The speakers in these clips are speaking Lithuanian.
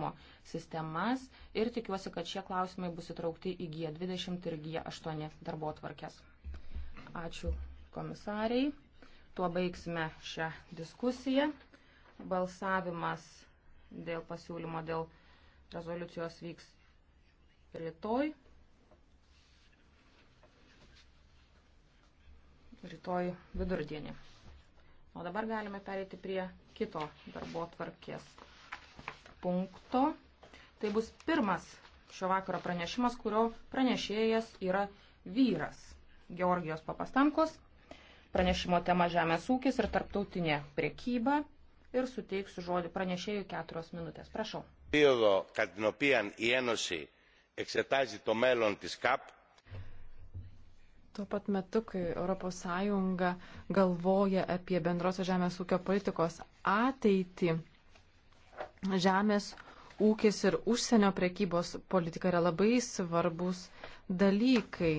valdymo sistemas ir tikiuosi, kad šie klausimai bus įtraukti į G20 ir G8 darbo tvarkės. Ačiū komisariai. Tuo baigsime šią diskusiją. Balsavimas dėl pasiūlymo dėl rezoliucijos vyks rytoj. Rytoj vidurdienį. O dabar galime pereiti prie kito darbo tvarkės punkto. Tai bus pirmas šio vakaro pranešimas, kurio pranešėjas yra vyras Georgijos Papastankos. Pranešimo tema žemės ūkis ir tarptautinė priekyba. Ir suteiksiu žodį pranešėjui keturios minutės. Prašau. Περίοδο κατά την οποία η Ένωση εξετάζει το μέλλον της ΚΑΠ. Tuo pat metu, kai ES galvoja apie bendrosios žemės ūkio politikos ateitį, žemės ūkis ir užsienio prekybos politika yra labai svarbus dalykai.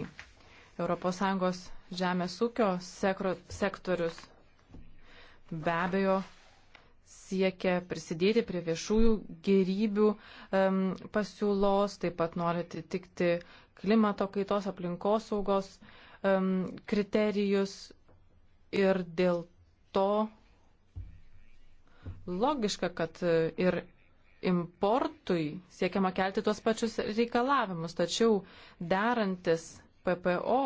ES žemės ūkio sekro, sektorius be abejo siekia prisidėti prie viešųjų gerybių um, pasiūlos, taip pat nori atitikti klimato kaitos aplinkosaugos um, kriterijus ir dėl to logiška, kad e, ir importui siekiama kelti tuos pačius reikalavimus, tačiau derantis PPO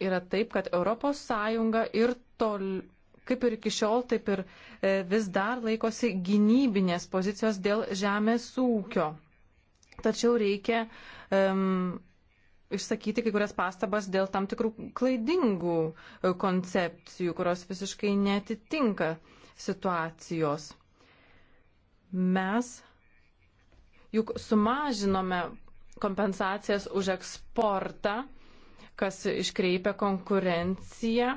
yra taip, kad ES ir tol, kaip ir iki šiol, taip ir e, vis dar laikosi gynybinės pozicijos dėl žemės ūkio. Tačiau reikia um, išsakyti kai kurias pastabas dėl tam tikrų klaidingų e, koncepcijų, kurios visiškai netitinka situacijos. Mes juk sumažinome kompensacijas už eksportą, kas iškreipia konkurenciją,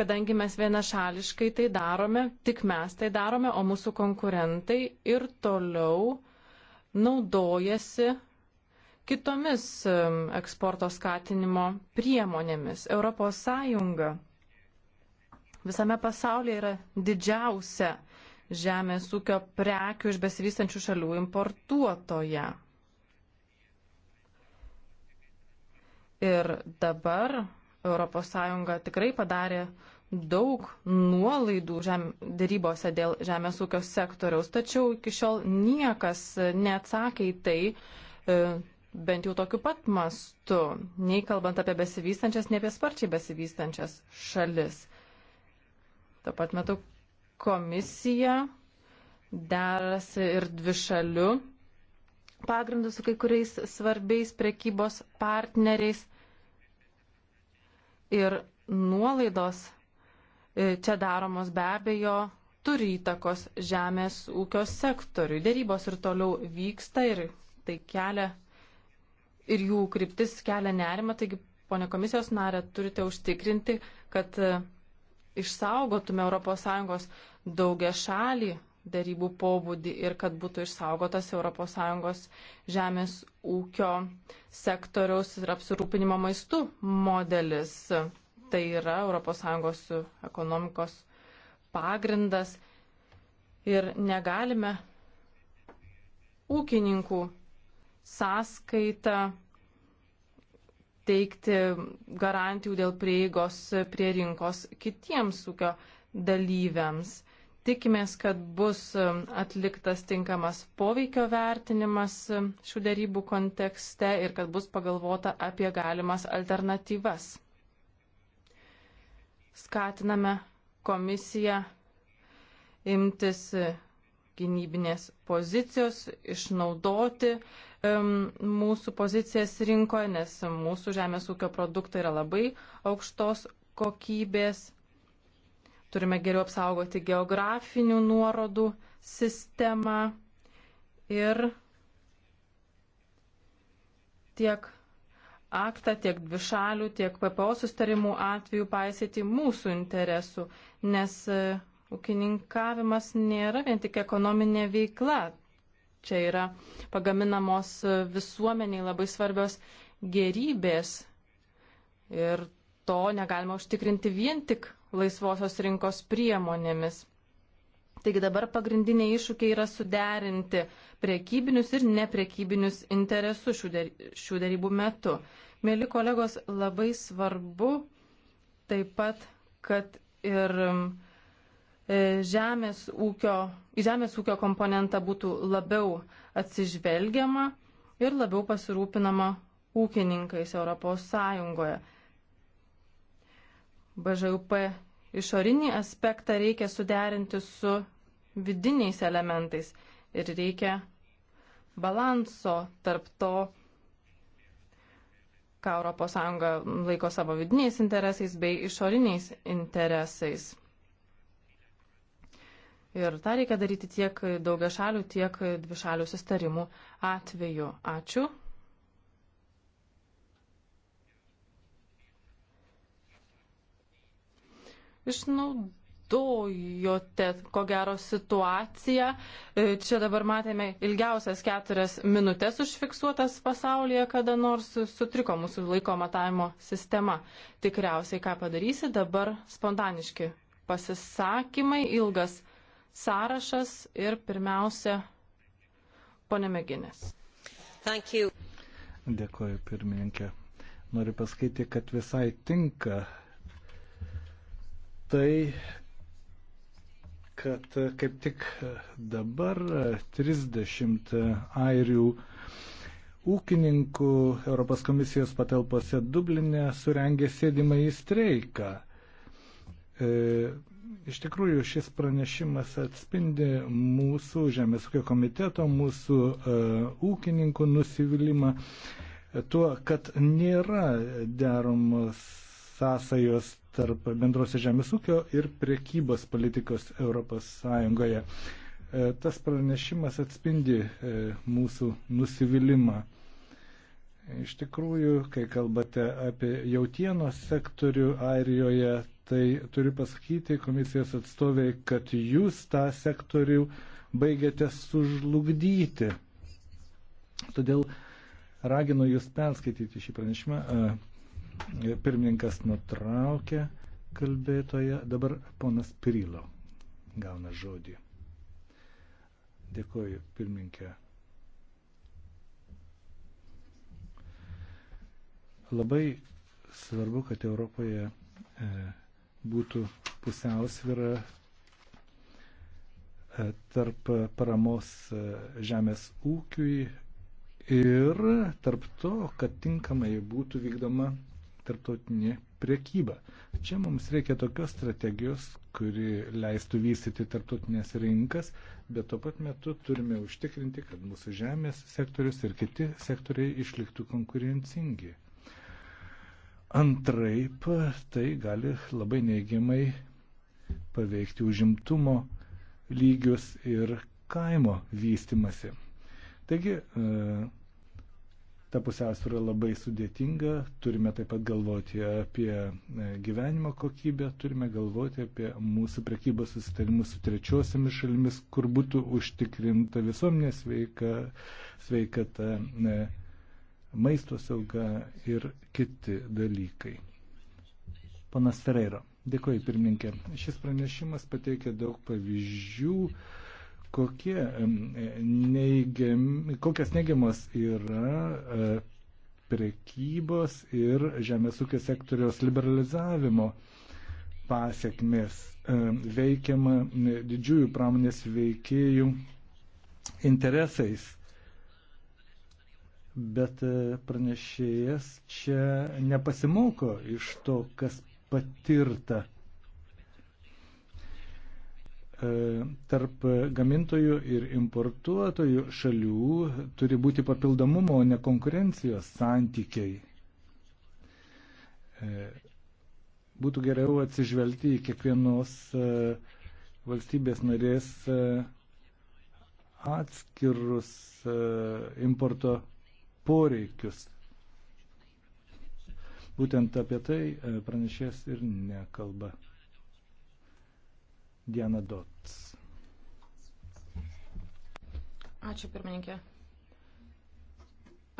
kadangi mes vienašališkai tai darome, tik mes tai darome, o mūsų konkurentai ir toliau naudojasi kitomis eksporto skatinimo priemonėmis. ES visame pasaulyje yra didžiausia žemės ūkio prekių iš besivystančių šalių importuotoja. Ir dabar ES tikrai padarė daug nuolaidų žem, dėrybose dėl žemės ūkio sektoriaus, tačiau iki šiol niekas neatsakė į tai, e, bent jau tokiu pat mastu, nei kalbant apie besivystančias, nei apie sparčiai besivystančias šalis. Tuo pat metu komisija derasi ir dvišaliu pagrindu su kai kuriais svarbiais prekybos partneriais. Ir nuolaidos e, čia daromos be abejo turi įtakos žemės ūkio sektoriui. Dėrybos ir toliau vyksta ir tai kelia ir jų kryptis kelia nerimą, taigi, ponė komisijos narė, turite užtikrinti, kad e, išsaugotume ES daugia šalį darybų pobūdį ir kad būtų išsaugotas ES žemės ūkio sektoriaus ir apsirūpinimo maistu modelis. Tai yra ES ekonomikos pagrindas ir negalime ūkininkų sąskaitą teikti garantijų dėl prieigos prie rinkos kitiems ūkio dalyviams. Tikimės, kad bus atliktas tinkamas poveikio vertinimas šių dėrybų kontekste ir kad bus pagalvota apie galimas alternatyvas. Skatiname komisiją imtis gynybinės pozicijos, išnaudoti uh, mūsų pozicijas rinkoje, nes mūsų žemės ūkio produktai yra labai aukštos kokybės. Turime geriau apsaugoti geografinių nuorodų sistemą ir tiek aktą, tiek dvišalių, tiek PPO sustarimų atveju paisyti mūsų interesų, nes e, ūkininkavimas nėra vien tik ekonominė veikla, Čia yra pagaminamos visuomeniai labai svarbios gerybės ir to negalima užtikrinti vien tik laisvosios rinkos priemonėmis. Taigi dabar pagrindiniai iššūkiai yra suderinti priekybinius ir neprekybinius interesus šių darybų metu. Mėly kolegos, labai svarbu taip pat, kad ir E, žemės ūkio, į žemės ūkio komponentą būtų labiau atsižvelgiama ir labiau pasirūpinama ūkininkais Europos Sąjungoje. BŽUP išorinį aspektą reikia suderinti su vidiniais elementais ir reikia balanso tarp to, ką ES laiko savo vidiniais interesais bei išoriniais interesais. Ir tą reikia daryti tiek daugia šalių, tiek dvišalių sustarimų atveju. Ačiū. Išnaudojote, ko gero, situaciją. E, čia dabar matėme ilgiausias keturias minutės užfiksuotas pasaulyje, kada nors sutriko mūsų laiko matavimo sistema. Tikriausiai ką padarysi, dabar spontaniški pasisakymai ilgas sąrašas ir pirmiausia, ponė Meginės. Dėkoju, pirmininkė. Noriu pasakyti, kad visai tinka tai, kad kaip tik dabar 30 airių ūkininkų Europos komisijos patalpose Dublinė surengė sėdimą į streiką. E, iš tikrųjų, šis pranešimas atspindi mūsų Žemės ūkio komiteto, mūsų e, ūkininkų nusivylimą tuo, kad nėra deromos sąsajos tarp bendrosios Žemės ūkio ir priekybos politikos ES. E, tas pranešimas atspindi mūsų nusivylimą. Iš tikrųjų, kai kalbate apie jautienos sektorių Airijoje, tai turiu pasakyti komisijos atstoviai, kad jūs tą sektorių baigėte sužlugdyti. Todėl raginu jūs perskaityti šį pranešimą. E, pirmininkas nutraukė kalbėtoje, dabar ponas Pirilo gauna žodį. Dėkuoju, pirmininkė. Labai svarbu, kad Europoje e, būtų pusiausvyrą e, tarp paramos e, žemės ūkiui ir tarp to, kad tinkamai būtų vykdoma tarptautinė priekyba. Čia mums reikia tokios strategijos, kuri leistų vystyti tarptautinės rinkas, bet tuo pat metu turime užtikrinti, kad mūsų žemės sektorius ir kiti sektoriai išliktų konkurencingi. Antraip, tai gali labai neigiamai paveikti užimtumo lygius ir kaimo vystimasi. Taigi, e, ta pusiausvyrą labai sudėtinga, turime taip pat galvoti apie e, gyvenimo kokybę, turime galvoti apie mūsų prekybos susitarimus su trečiosiamis šalimis, kur būtų užtikrinta visuomenės sveika, sveikata, e, maisto sauga ir kiti dalykai. Panas Ferreira, dėkoju pirmininkė. Šis pranešimas pateikia daug pavyzdžių, kokie neigiam, kokias neigiamas yra e, prekybos ir žemės ūkio sektoriaus liberalizavimo pasiekmes e, veikiama didžiųjų pramonės veikėjų interesais bet e, pranešėjas čia nepasimoko iš to, kas patirta e, tarp gamintojų ir importuotojų šalių turi būti papildomumo, o ne konkurencijos santykiai. E, būtų geriau atsižvelgti į kiekvienos valstybės narės atskirus importo poreikius. Būtent apie tai e, pranešės ir nekalba. Diana Dots. Ačiū pirmininkė.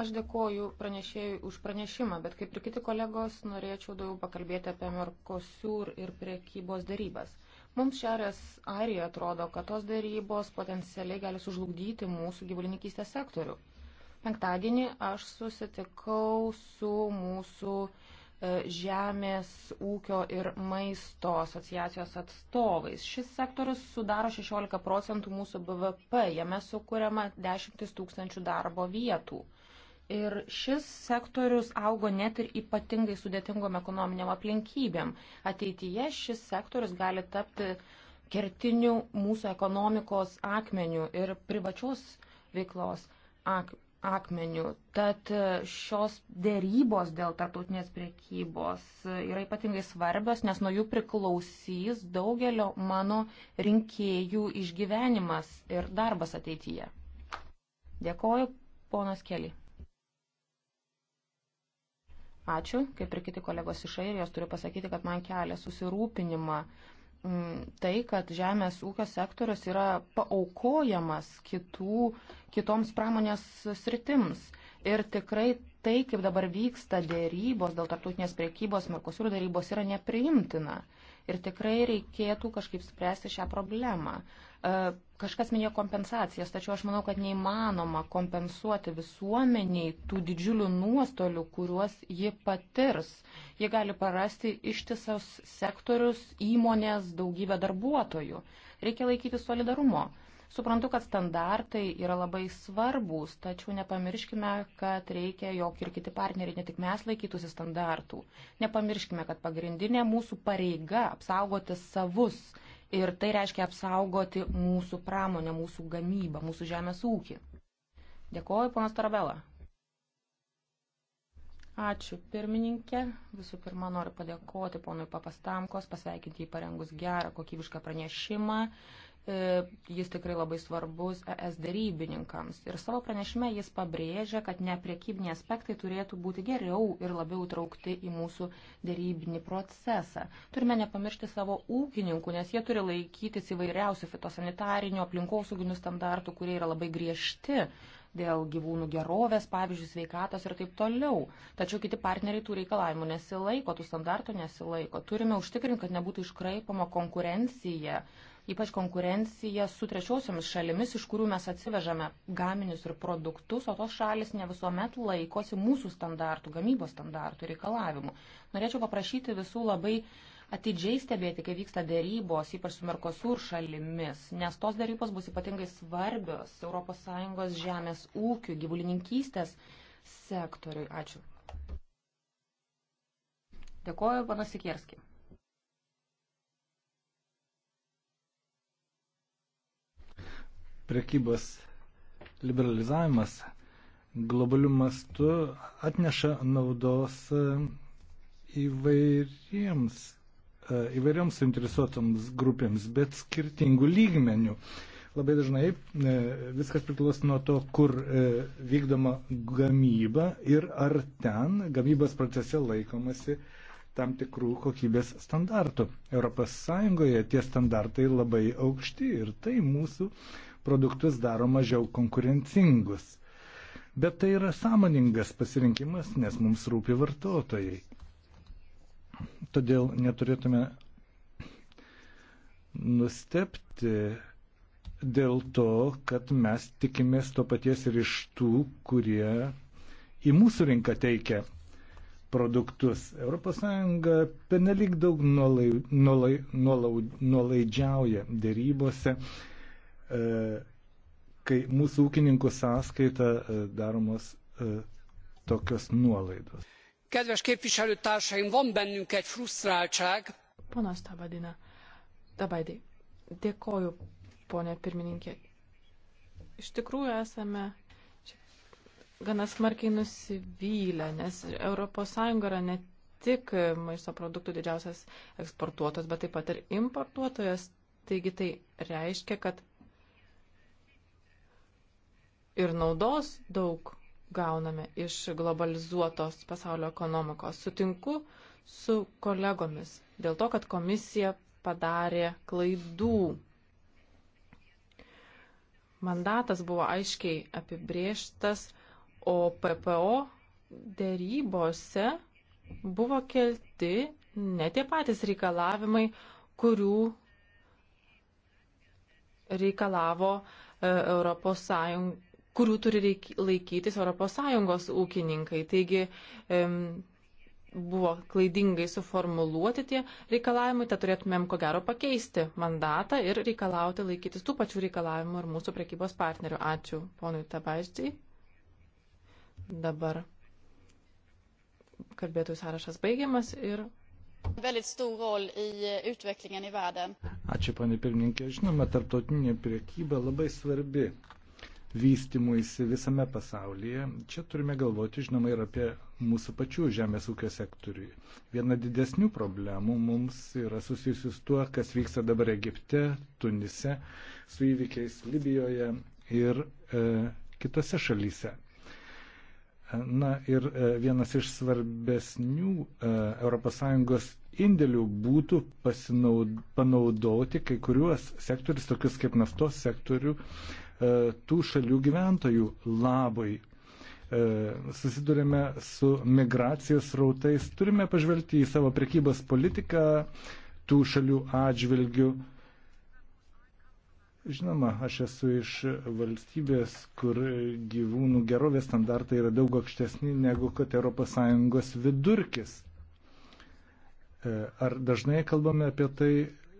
Aš dėkoju pranešėjui už pranešimą, bet kaip ir kiti kolegos, norėčiau daugiau pakalbėti apie Mercosur ir priekybos darybas. Mums Šiaurės Airija atrodo, kad tos darybos potencialiai gali sužlugdyti mūsų gyvulininkystės sektorių. Penktadienį aš susitikau su mūsų e, Žemės ūkio ir maisto asociacijos atstovais. Šis sektorius sudaro 16 procentų mūsų BVP, jame sukūriama dešimtis tūkstančių darbo vietų. Ir šis sektorius augo net ir ypatingai sudėtingom ekonominiam aplinkybėm. Ateityje šis sektorius gali tapti kertiniu mūsų ekonomikos akmeniu ir privačios veiklos ak akmenių. Tad e, šios dėrybos dėl tarptautinės priekybos e, yra ypatingai svarbios, nes nuo jų priklausys daugelio mano rinkėjų išgyvenimas ir darbas ateityje. Dėkoju, ponas Keli. Ačiū, kaip ir kiti kolegos iš Airijos, turiu pasakyti, kad man kelia susirūpinimą uh, Mm, tai, kad žemės ūkio sektorius yra paaukojamas kitų, kitoms pramonės sritims. Ir tikrai tai, kaip dabar vyksta dėrybos dėl tarptautinės priekybos, Merkosūro dėrybos yra nepriimtina. Ir tikrai reikėtų kažkaip spręsti šią problemą. E, kažkas minėjo kompensacijas, tačiau aš manau, kad neįmanoma kompensuoti visuomeniai tų didžiulių nuostolių, kuriuos ji patirs. Ji gali parasti ištisos sektorius, įmonės, daugybę darbuotojų. Reikia laikyti solidarumo Suprantu, kad standartai yra labai svarbus, tačiau nepamirškime, kad reikia, jog ir kiti partneriai, ne tik mes laikytųsi standartų. Nepamirškime, kad pagrindinė mūsų pareiga apsaugoti savus ir tai reiškia apsaugoti mūsų pramonę, mūsų gamybą, mūsų žemės ūkį. Dėkuoju, ponas Tarabela. Ačiū pirmininkė. Visų pirma, noriu padėkoti ponui Papastamkos, pasveikinti jį parengus gerą kokybišką pranešimą E, jis tikrai labai svarbus ES darybininkams. Ir savo pranešime jis pabrėžia, kad neprekybiniai aspektai turėtų būti geriau ir labiau traukti į mūsų darybinį procesą. Turime nepamiršti savo ūkininkų, nes jie turi laikytis įvairiausių fitosanitarinių, aplinkosauginių standartų, kurie yra labai griežti dėl gyvūnų gerovės, pavyzdžiui, sveikatos ir taip toliau. Tačiau kiti partneriai tų reikalavimų nesilaiko, tų standartų nesilaiko. Turime užtikrinti, kad nebūtų iškraipama konkurencija ypač konkurencija su trečiosiomis šalimis, iš kurių mes atsivežame gaminius ir produktus, o tos šalis ne visuomet laikosi mūsų standartų, gamybos standartų reikalavimų. Norėčiau paprašyti visų labai atidžiai stebėti, kai vyksta dėrybos, ypač su Merkosur šalimis, nes tos dėrybos bus ypatingai svarbios ES žemės ūkių, gyvulininkystės sektoriui. Ačiū. Dėkoju, panas Sikierski. prekybos liberalizavimas globalių mastų atneša naudos e, įvairiems, e, įvairioms suinteresuotoms grupėms, bet skirtingų lygmenių. Labai dažnai e, viskas priklauso nuo to, kur vykdoma gamyba ir ar ten gamybos procese laikomasi tam tikrų kokybės standartų. ES tie standartai labai aukšti ir tai mūsų produktus daro mažiau konkurencingus. Bet tai yra sąmoningas pasirinkimas, nes mums rūpi vartotojai. Todėl neturėtume nustepti dėl to, kad mes tikimės to paties ir iš tų, kurie į mūsų rinką teikia produktus. ES penelik daug nuolaidžiauja nuolai, nuolai, nuolaidžiauja dėrybose E, kai mūsų ūkininkų sąskaita e, daromos e, tokios nuolaidos. Kedves képviselőtársaim, van bennünk egy frusztráltság. Ponas Tabadina, Tabaidai, dėkoju, ponė pirmininkė. Iš tikrųjų esame gana smarkiai nusivylę, nes ES yra ne tik maisto produktų didžiausias eksportuotojas, bet taip pat ir importuotojas. Taigi tai reiškia, kad ir naudos daug gauname iš globalizuotos pasaulio ekonomikos. Sutinku su kolegomis dėl to, kad komisija padarė klaidų. Mandatas buvo aiškiai apibrieštas, o PPO dėrybose buvo kelti ne tie patys reikalavimai, kurių reikalavo ES kurių turi laikytis ES ūkininkai. Taigi buvo klaidingai suformuluoti tie reikalavimai, tad turėtumėm ko gero pakeisti mandatą ir reikalauti laikytis tų pačių reikalavimų ir mūsų prekybos partnerių. Ačiū ponui Tabaždžiai. Dabar kalbėtojų sąrašas baigiamas ir väldigt stor roll i eh, utvecklingen i världen. Ačiū, panė pirmininkė. Žinoma, tarptautinė priekyba labai svarbi vystimuisi visame pasaulyje. Čia turime galvoti, žinoma, ir apie mūsų pačių žemės ūkio sektorių. Viena didesnių problemų mums yra susijusi su tuo, kas vyksta dabar Egipte, Tunise, su įvykiais Libijoje ir e, kitose šalyse. Na ir e, vienas iš svarbesnių ES indėlių būtų pasinaud, panaudoti kai kuriuos sektorius, tokius kaip naftos sektorių, e, E, tų šalių gyventojų labai. E, Susidurime su migracijos rautais, turime pažvelgti į savo prekybos politiką tų šalių atžvilgių. Žinoma, aš esu iš valstybės, kur gyvūnų gerovės standartai yra daug aukštesni negu kad ES vidurkis. E, ar dažnai kalbame apie tai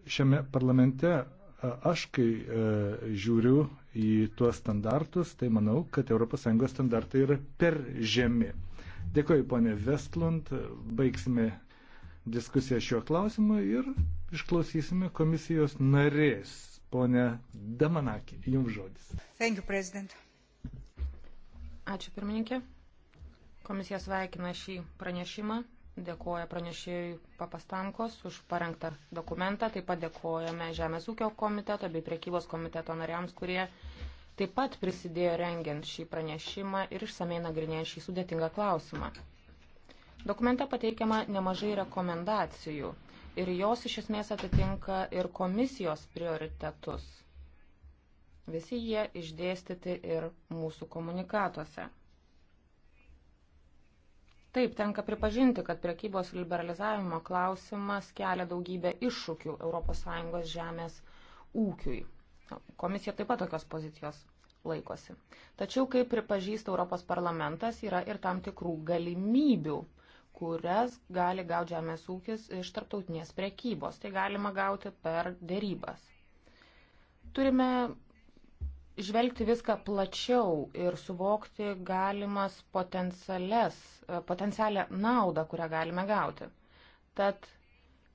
šiame parlamente? Aš, kai žiūriu į tuos standartus, tai manau, kad ES standartai yra per žemi. Dėkoju, ponė Vestlund, baigsime diskusiją šiuo klausimu ir išklausysime komisijos narės. Pone Damanakį, jums žodis. Thank you, President. Ačiū, pirmininkė. Komisija sveikina šį pranešimą dėkoja pranešėjui Papastankos už parengtą dokumentą, taip pat dėkojame Žemės ūkio komiteto bei priekybos komiteto nariams, kurie taip pat prisidėjo rengiant šį pranešimą ir išsamei nagrinėjant šį sudėtingą klausimą. Dokumente pateikiama nemažai rekomendacijų ir jos iš esmės atitinka ir komisijos prioritetus. Visi jie išdėstyti ir mūsų komunikatuose. Taip, tenka pripažinti, kad prekybos liberalizavimo klausimas kelia daugybę iššūkių ES žemės ūkiui. Komisija taip pat tokios pozicijos laikosi. Tačiau, kaip pripažįsta Europos parlamentas, yra ir tam tikrų galimybių, kurias gali gauti žemės ūkis iš tarptautinės prekybos. Tai galima gauti per dėrybas. Turime žvelgti viską plačiau ir suvokti galimas e, potencialią naudą, kurią galime gauti. Tad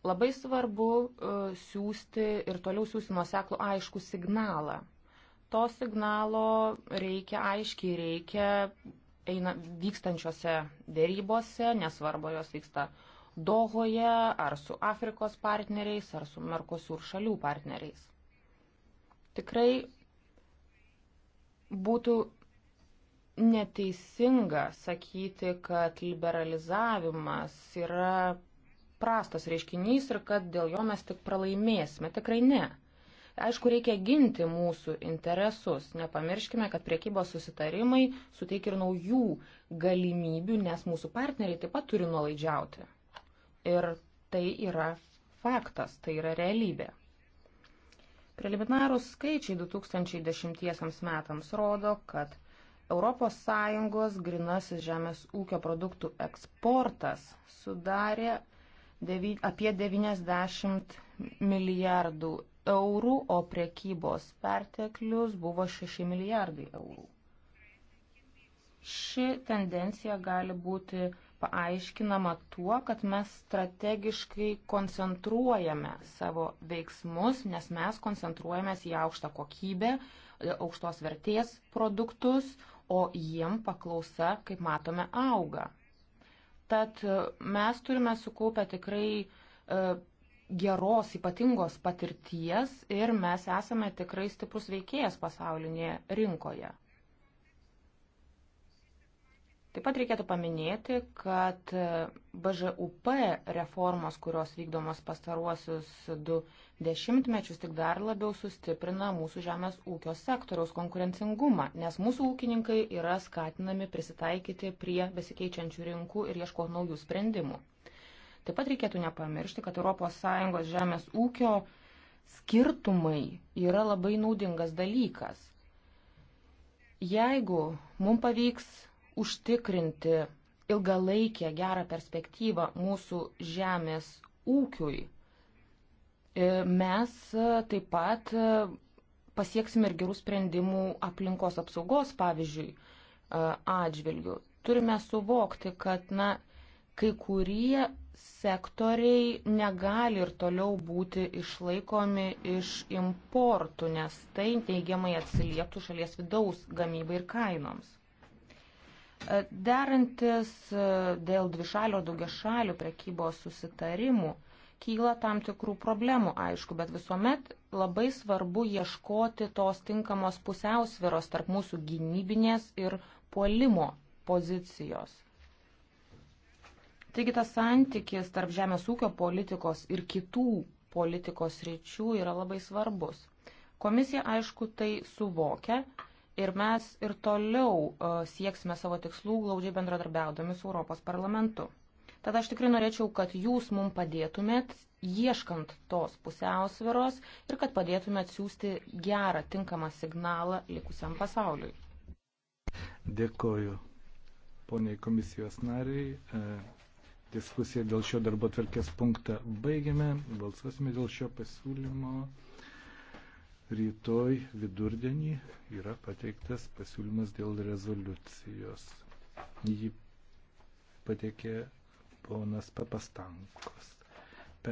labai svarbu e, siūsti ir toliau siūsti nuoseklų aišku signalą. To signalo reikia aiškiai, reikia eina, vykstančiose dėrybose, nesvarbu, jos vyksta Dohoje ar su Afrikos partneriais ar su Merkosur šalių partneriais. Tikrai būtų neteisinga sakyti, kad liberalizavimas yra prastas reiškinys ir kad dėl jo mes tik pralaimėsime. Tikrai ne. Aišku, reikia ginti mūsų interesus. Nepamirškime, kad priekybos susitarimai suteikia ir naujų galimybių, nes mūsų partneriai taip pat turi nuolaidžiauti. Ir tai yra faktas, tai yra realybė. Preliminarūs skaičiai 2010 metams rodo, kad ES grinasis žemės ūkio produktų eksportas sudarė devy, apie 90 milijardų eurų, o priekybos perteklius buvo 6 milijardai eurų. Ši tendencija gali būti paaiškinama tuo, kad mes strategiškai koncentruojame savo veiksmus, nes mes koncentruojamės į aukštą kokybę, aukštos vertės produktus, o jiem paklausa, kaip matome, auga. Tad e, mes turime sukaupę tikrai e, geros, ypatingos patirties ir mes esame tikrai stiprus veikėjas pasaulinėje rinkoje. Taip pat reikėtų paminėti, kad BŽUP reformos, kurios vykdomos pastaruosius du dešimtmečius, tik dar labiau sustiprina mūsų žemės ūkio sektoriaus konkurencingumą, nes mūsų ūkininkai yra skatinami prisitaikyti prie besikeičiančių rinkų ir ieško naujų sprendimų. Taip pat reikėtų nepamiršti, kad ES žemės ūkio skirtumai yra labai naudingas dalykas. Jeigu mums pavyks užtikrinti ilgalaikę gerą perspektyvą mūsų žemės ūkiui, e, mes e, taip pat e, pasieksime ir gerų sprendimų aplinkos apsaugos, pavyzdžiui, atžvilgių. Turime suvokti, kad na, kai kurie sektoriai negali ir toliau būti išlaikomi iš importų, nes tai teigiamai atsilieptų šalies vidaus gamybai ir kainoms. Derantis e, dėl dvišalio daugiašalių prekybos susitarimų kyla tam tikrų problemų, aišku, bet visuomet labai svarbu ieškoti tos tinkamos pusiausviros tarp mūsų gynybinės ir puolimo pozicijos. Taigi tas santykis tarp žemės ūkio politikos ir kitų politikos ryčių yra labai svarbus. Komisija, aišku, tai suvokia Ir mes ir toliau e, sieksime savo tikslų glaudžiai bendradarbiaudami su Europos parlamentu. Tad aš tikrai norėčiau, kad jūs mums padėtumėt ieškant tos pusiausviros ir kad padėtumėt siūsti gerą, tinkamą signalą likusiam pasauliui. Dėkoju poniai komisijos nariai. E, Diskusiją dėl šio darbo tvarkės punktą baigiame. Balsuosime dėl šio pasiūlymo rytoj vidurdienį yra pateiktas pasiūlymas dėl rezoliucijos. Jį pateikė ponas Papastankos.